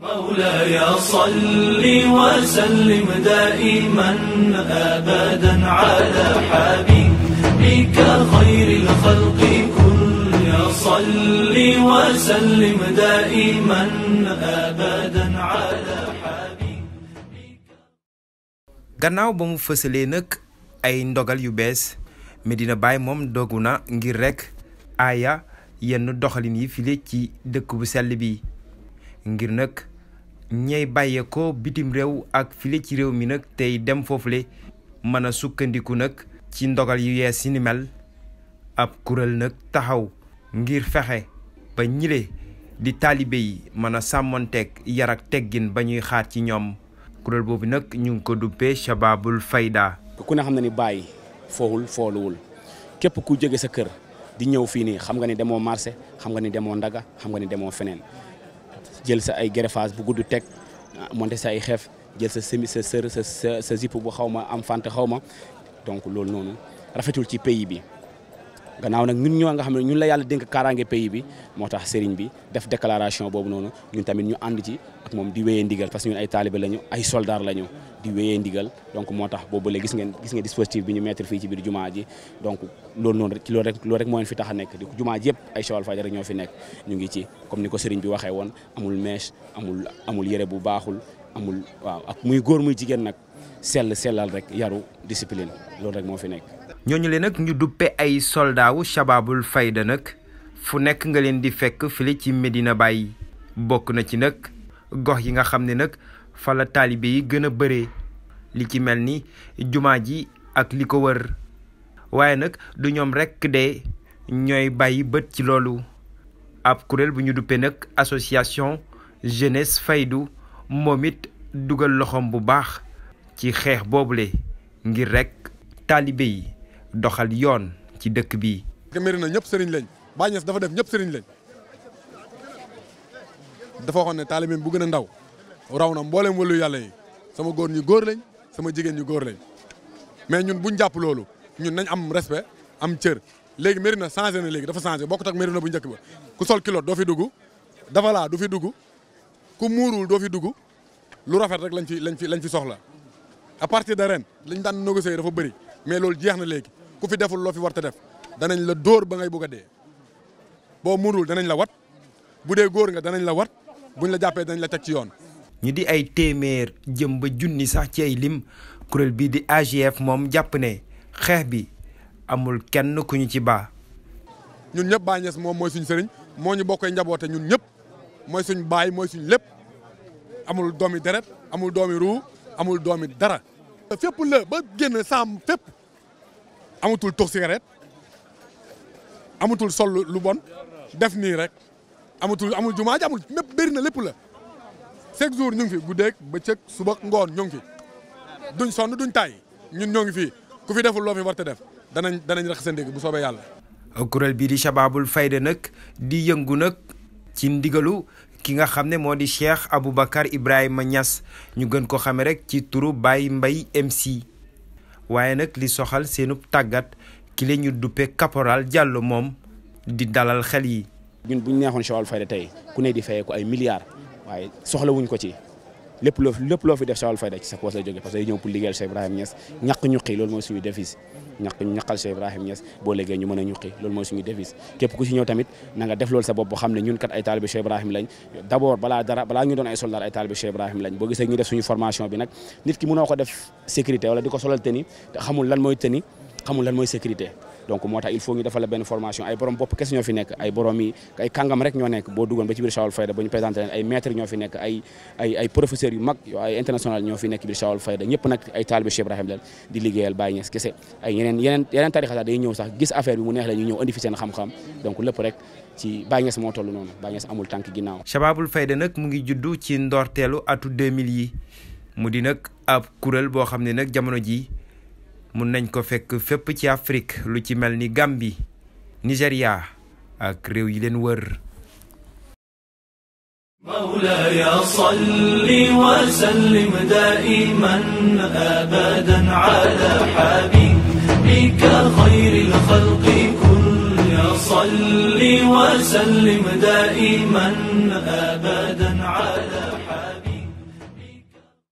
مولاي صل وسلم دائما ابدا على حبيبك خير الخلق كل صل وسلم دائما ابدا على gannaaw ba mu fësalee nag ay ndogal yu bees Medina bay moom dogu na ngir rek aaya yenn doxalin yi file ci dëkk bu sell bi ngir nag ñay bàyyee ko bitim réew ak file ci réew mi nag tey dem foofule mën a sukkandiku nag ci ndogal yu yees yi ni mel ab kuréel nag taxaw ngir fexe ba ñile di taalibe yi mën a sàmmonteeg yar ak teggin ba ñuy xaar ci ñoom kuréel boobu nag ñu ngi ko duppee Shababul Fayda. ku ne xam na ni bàyyi foowul fooluwul képp ku jóge sa kër di ñëw fii nii xam nga ni demoo marché xam nga ni demoo ndaga xam nga ni demoo feneen. jël sa ay bu gudd teg ah, monté sa ay xef jël sa semi sa y zip bu xawma am fante donc pays gannaaw nag ñun ñoo nga xam ne ñun la yàlla dénk kaaraange pays bi moo tax sëriñ bi def déclaration boobu noonu ñun tamit ñu ànd ci ak moom di wéyee ndigal parce que ñun ay taalibe lañu ay soldaar lañu di wéyee ndigal donc moo tax boobu léegi gis ngeen gis ngeen dispositif bi ñu mettre fii ci biir jumaa ji donc loolu noonu kilo loolu rek loolu moo fi tax a nekk di jumaa ji yëpp ay Cheval Fadia rek ñoo fi nekk ñu ngi ci comme ni ko sëriñ bi waxee woon amul mèche amul amul yére bu baaxul amul waaw ak muy góor muy jigéen nag sell sellal rekk yaru discipline loolu rek moo fi nekk. ñooñu leen nag ñu duppe ay soldaawu Shababul Fayda nag fu nekk nga leen di fekk file ci médina Baye bokk na ci nag gox yi nga xam ne nag fala la taalibe yi gën a bëree li ci mel ni jumaa ji ak li ko wër waaye nag du ñoom rekk de ñooy bàyyi bët ci loolu ab kuréel bu ñu duppee nag association jeunesse Faydu moom it dugal loxoom bu baax ci xeex boobu boobule ngir rek taalibe yi doxal yoon ci dëkk bi. Mérina ñëpp sëriñ lañ Baay Ñas dafa def ñëpp sëriñ lañ dafa waxoon ne taalibe bu gën a ndaw raw na mboolem wëllu yàlla yi sama góor ñu góor lañ sama jigéen ñu góor lañ mais ñun buñ jàpp loolu ñun nañ am respect am cër léegi Mérina changé na léegi dafa changé bokkut ak Mérina bu njëkk ba ku sol kilo doo fi dugg dafa laa du fi dugg. ku muuruwul doo fi dugg lu rafet rek lañ fi lañ fi lañ fi soxla à partir de ren liñ daan négocier dafa bëri mais loolu jeex na léegi ku fi deful loo fi war ta def danañ la dóor ba ngay bugg a dee boo muuruwul danañ la wat bu dee góor nga danañ la wat buñ la jàppee danañ la teg ci yoon. ñu di ay téeméer jëm ba junni sax ci ay lim kuréel bii di AGF moom jàpp ne xeex bi amul kenn ku ñu ci baa ñun ñëpp baa ñes moom mooy suñu sëriñ moo ñu bokkee njaboote ñun ñëpp mooy suñ baay mooy suñ lépp amul doomi deret amul doomi ruu amul doomi dara. fépp la ba génn saam fépp amatul tux cigarette amatul sol lu bon def nii rek amatul amul jumaa ji amul mépp na lépp la chaque jour ñu ngi fi guddeeg bëccëg suba ngoon ñu ngi fi duñ sonn duñ tay ñun ñoo ngi fi ku fi deful loo fi war te def danañ danañ rax sa ndégg bu soobee yàlla. kuréel bii di Shababul Fayda nag di yëngu nag. ci ndigalu ki nga xam ne moo di Cheikh Aboubacar Ibrahima ñas ñu gën ko xame rek ci turu Baye Mbaye MC waaye nag li soxal seenub tàggat ki la ñu duppe caporal Diallo moom di dalal xel yi. ñun bu ñu neexoon Joal Fadiouth tey ku ne di fayee ko ay milliards waaye soxlawuñ ko ci. lépp loo lépp loo fi def Sawal Fayda ci sa poos la parce que ñëw pour liggéeyal Cheikh Ibrahim Niass ñàkk ñuqi loolu mooy a ñuqi loolu mooy suñu devise képp ku si ñëw tamit na nga def loolu sa bopp boo xam ne ñun kat ay taalibe Cheikh Ibrahim lañ d'abord balaa dara balaa doon ay soldat ay taalibe Cheikh Ibrahim lañ boo gisee ñu def suñu formation bi nag nit ki mënoo ko def sécurité wala di ko solal teni te xamul lan mooy teni xamul lan mooy sécurité donc moo tax il faut ñu defal la benn formation ay borom bopp kese ñoo fi nekk ay borom yi ay kàngam rek ñoo nekk boo duggoon ba ci biir Chawal Fayda ba ñu présenté ay maîtres ñoo fi nekk ay ay ay professeurs yu mag ay international ñoo fi nekk biir nag ay taalibe Cheikh Ibrahim di liggéeyal Baye Niass kese ay yeneen yeneen yeneen tarixa sax day ñëw sax gis affaire bi mu neex la ñëw andi xam-xam donc lépp rek ci Baye Niass moo toll noonu Baye Niass amul tànk ginnaaw Shababul Fayda nag mu ngi juddu ci ndorteelu atu 2000 yi mu di nag ab kuréel boo xam ne nag jamono ji mën nañ ko fekk fépp ci afrique lu ci mel ni nigeria ak réew yi leen wër مولاي صل وسلم دائما ابدا على حبيبك خير الخلق كل صل وسلم دائما ابدا على حبيبك